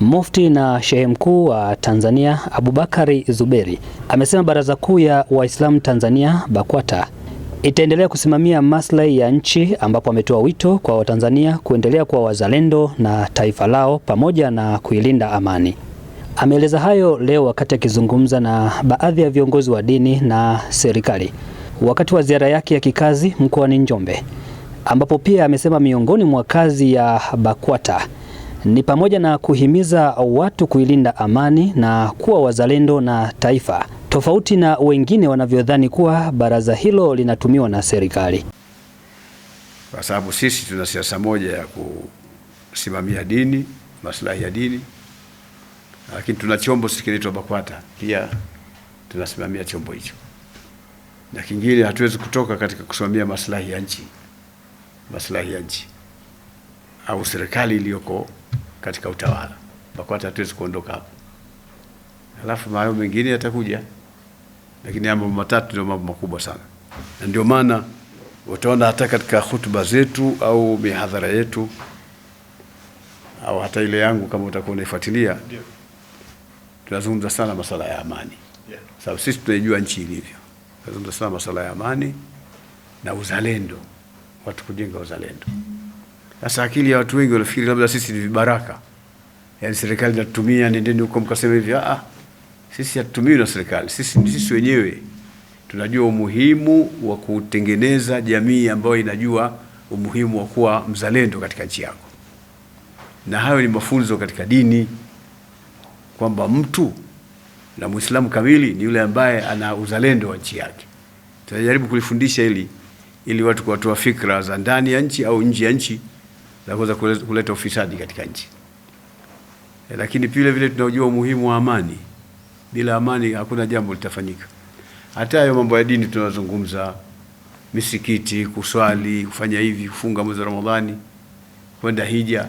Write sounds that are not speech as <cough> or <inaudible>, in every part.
Mufti na shehe mkuu wa Tanzania Abubakari Zuberi amesema Baraza Kuu ya Waislamu Tanzania BAKWATA itaendelea kusimamia maslahi ya nchi, ambapo ametoa wito kwa Watanzania kuendelea kuwa wazalendo na taifa lao pamoja na kuilinda amani. Ameeleza hayo leo wakati akizungumza na baadhi ya viongozi wa dini na serikali wakati wa ziara yake ya kikazi mkoani Njombe, ambapo pia amesema miongoni mwa kazi ya BAKWATA ni pamoja na kuhimiza watu kuilinda amani na kuwa wazalendo na taifa, tofauti na wengine wanavyodhani kuwa baraza hilo linatumiwa na serikali, kwa sababu sisi tuna siasa moja ya kusimamia dini, maslahi ya dini, lakini tuna chombo kinaitwa BAKWATA pia tunasimamia chombo hicho, na kingine hatuwezi kutoka katika kusimamia maslahi ya nchi, maslahi ya nchi au serikali iliyoko katika utawala. BAKWATA hatuwezi kuondoka hapo, alafu mambo mengine yatakuja, lakini mambo matatu ndio mambo makubwa sana, na ndio maana utaona hata katika hutuba zetu au mihadhara yetu au hata ile yangu kama utakuwa unaifuatilia, tunazungumza sana masala ya amani, sababu sisi tunaijua nchi ilivyo. Tunazungumza sana masala ya amani na uzalendo, watu kujenga uzalendo. Sasa akili ya watu wengi wanafikiri labda sisi ni vibaraka, yaani serikali inatutumia, nendeni huko mkasema hivi. Ah, ah, sisi hatutumii na serikali, sisi sisi wenyewe tunajua umuhimu wa kutengeneza jamii ambayo inajua umuhimu wa kuwa mzalendo katika nchi yako, na hayo ni mafunzo katika dini kwamba mtu na Muislamu kamili ni yule ambaye ana uzalendo wa nchi yake. Tunajaribu kulifundisha hili ili watu kuwatoa fikra za ndani ya nchi au nje ya nchi za kuweza kuleta ufisadi katika nchi. E, lakini vile vile tunajua umuhimu wa amani. Bila amani hakuna jambo litafanyika. Hata hayo mambo ya dini tunazungumza, misikiti, kuswali, kufanya hivi, kufunga mwezi wa Ramadhani, kwenda hija,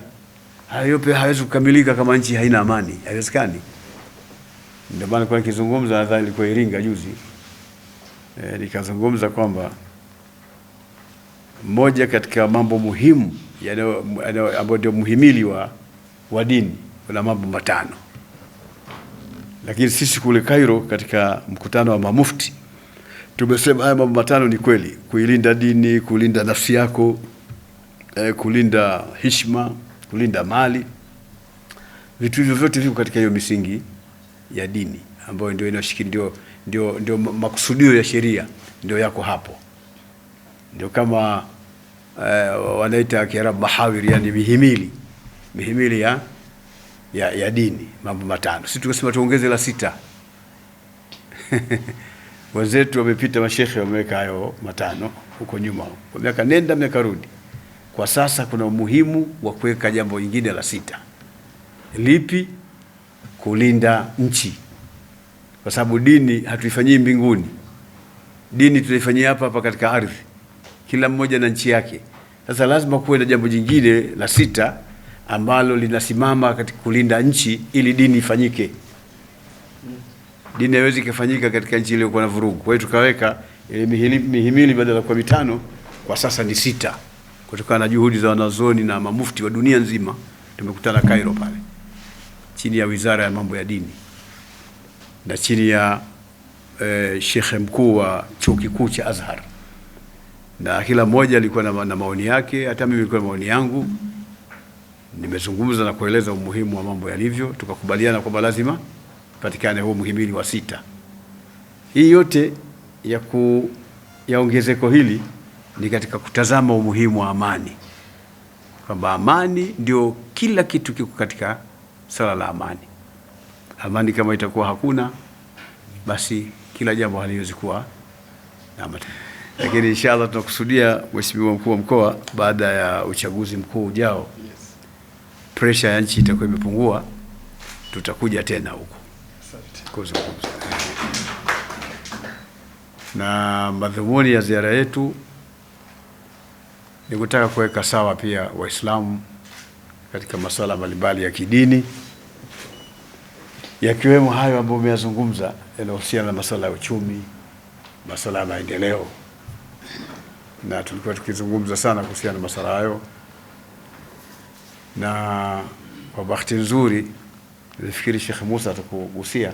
hayo yote hayawezi kukamilika kama nchi haina amani, haiwezekani. Ndio maana kwa kizungumza, nadhani ilikuwa Iringa juzi, e, nikazungumza kwamba moja katika mambo muhimu ambayo ndio muhimili wa, wa dini una mambo matano, lakini sisi kule Cairo katika mkutano wa mamufti tumesema haya mambo matano ni kweli: kuilinda dini, kulinda nafsi yako, eh, kulinda heshima, kulinda mali. Vitu hivyo vyote viko katika hiyo misingi ya dini ambayo ndio inashikilia, ndio, ndio, ndio makusudio ya sheria ndio yako hapo, ndio kama uh, wanaita Kiarabu mahawir, yani mihimili mihimili ya, ya, ya dini, mambo matano. Sisi tukasema tuongeze la sita <laughs> wenzetu wamepita, mashehe wameweka hayo matano huko nyuma, kwa miaka nenda miaka rudi. Kwa sasa kuna umuhimu wa kuweka jambo lingine la sita. Lipi? Kulinda nchi, kwa sababu dini hatuifanyii mbinguni, dini tunaifanyia hapa hapa katika ardhi kila mmoja na nchi yake. Sasa lazima kuwe na jambo jingine la sita ambalo linasimama katika kulinda nchi ili dini ifanyike. Dini haiwezi kufanyika katika nchi iliyokuwa na vurugu. Kwa hiyo tukaweka eh, ile mihimili badala kwa mitano kwa sasa ni sita, kutokana na juhudi za wanazuoni na mamufti wa dunia nzima. Tumekutana Cairo pale chini ya wizara ya mambo ya dini na chini ya eh, shekhe mkuu wa chuo kikuu cha Azhar na kila mmoja alikuwa na, na maoni yake. Hata mimi nilikuwa na maoni yangu, nimezungumza na kueleza umuhimu wa mambo yalivyo, tukakubaliana kwamba lazima patikane huo muhimili wa sita. Hii yote ya, ku, ya ongezeko hili ni katika kutazama umuhimu wa amani, kwamba amani ndio kila kitu kiko katika swala la amani. Amani kama itakuwa hakuna, basi kila jambo haliwezi kuwa na matokeo lakini inshallah tunakusudia Mheshimiwa mkuu wa mkoa, baada ya uchaguzi mkuu ujao, presha ya nchi itakuwa imepungua, tutakuja tena huku kuzungumza. Na madhumuni ya ziara yetu ni kutaka kuweka sawa pia Waislamu katika masuala mbalimbali ya kidini yakiwemo hayo ambayo umeyazungumza yanahusiana na masuala ya uchumi, masuala ya maendeleo na tulikuwa tukizungumza sana kuhusiana na masuala hayo, na kwa bahati nzuri nilifikiri Sheikh Musa atakugusia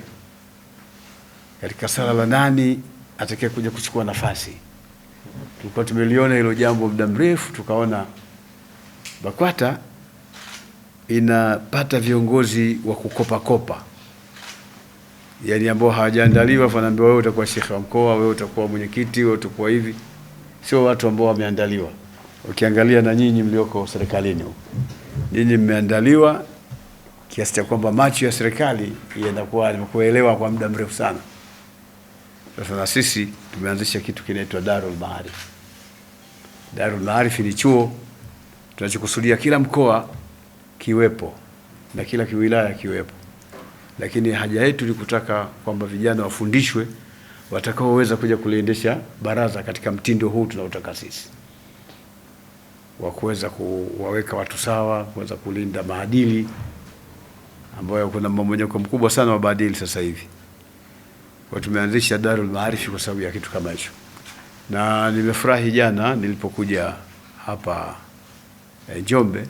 katika sala la nani atakaye kuja kuchukua nafasi. Tulikuwa tumeliona hilo jambo muda mrefu, tukaona BAKWATA inapata viongozi wa kukopa kopa, yaani ambao hawajaandaliwa, fanaambiwa wewe utakuwa shekhe wa mkoa, wewe utakuwa mwenyekiti, wewe utakuwa hivi sio watu ambao wameandaliwa. Ukiangalia na nyinyi mlioko serikalini huko, nyinyi mmeandaliwa kiasi cha kwamba macho ya serikali yanakuwa yamekuelewa kwa muda mrefu sana. Sasa na sisi tumeanzisha kitu kinaitwa Darul Maarif. Darul Maarif ni chuo tunachokusudia kila mkoa kiwepo na kila kiwilaya kiwepo, lakini haja yetu ni kutaka kwamba vijana wafundishwe watakaoweza kuja kuliendesha baraza katika mtindo huu tunaotaka sisi wa kuweza kuwaweka watu sawa, kuweza kulinda maadili ambayo kuna mmomonyoko mkubwa sana wa maadili sasa hivi. Kwa tumeanzisha Darul Maarifi kwa sababu ya kitu kama hicho, na nimefurahi jana nilipokuja hapa e, Njombe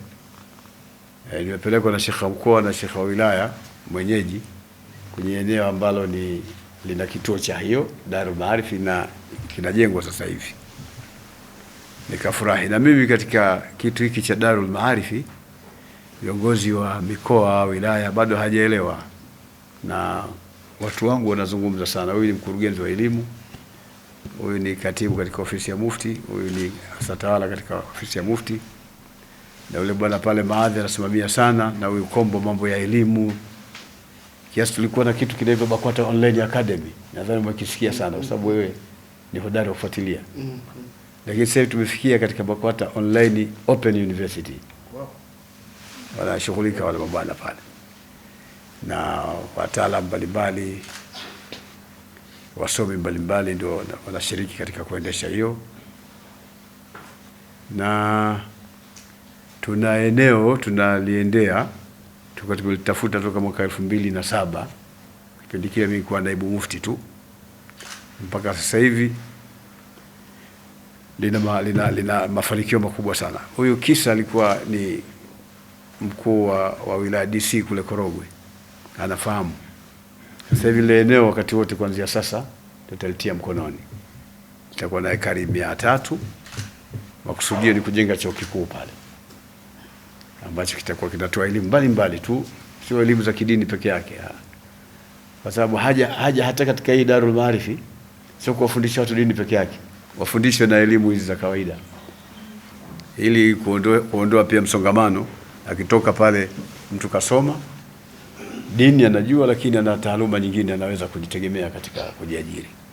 e, nimepelekwa na shekha mkoa na shekha wilaya mwenyeji kwenye eneo ambalo ni lina kituo cha hiyo Darul Maarifi na kinajengwa sasa hivi. Nikafurahi na mimi katika kitu hiki cha Darul Maarifi, Viongozi wa mikoa, wilaya bado hajaelewa, na watu wangu wanazungumza sana. Huyu ni mkurugenzi wa elimu, huyu ni katibu katika ofisi ya Mufti, huyu ni afisa tawala katika ofisi ya Mufti, na yule bwana pale maadhi anasimamia sana, na huyu Kombo mambo ya elimu kiasi tulikuwa na kitu kinaitwa Bakwata Online Academy, nadhani umekisikia sana kwa sababu wewe ni hodari wafuatilia. Mm-hmm. Lakini sasa tumefikia katika Bakwata Online Open University, wanashughulika wale mabwana pale na wataalamu mbalimbali, wasomi mbalimbali ndio wanashiriki katika kuendesha hiyo, na tuna eneo tunaliendea tulikuwa tumelitafuta toka mwaka elfu mbili na saba kipindi kile mimi kuwa naibu mufti tu mpaka sasa hivi lina, ma, lina, lina mafanikio makubwa sana. Huyu kisa alikuwa ni mkuu wa, wa wilaya DC kule Korogwe, anafahamu sasa hivi lile eneo. Wakati wote kuanzia sasa tutalitia mkononi, itakuwa na hekari mia tatu. Makusudio ni kujenga chuo kikuu pale ambacho kitakuwa kinatoa elimu mbalimbali tu, sio elimu za kidini peke yake, kwa sababu haja haja hata katika hii Darul Maarifi sio kuwafundisha watu dini peke yake, wafundishwe na elimu hizi za kawaida, ili kuondoa kuondoa pia msongamano. Akitoka pale mtu kasoma dini anajua, lakini ana taaluma nyingine anaweza kujitegemea katika kujiajiri.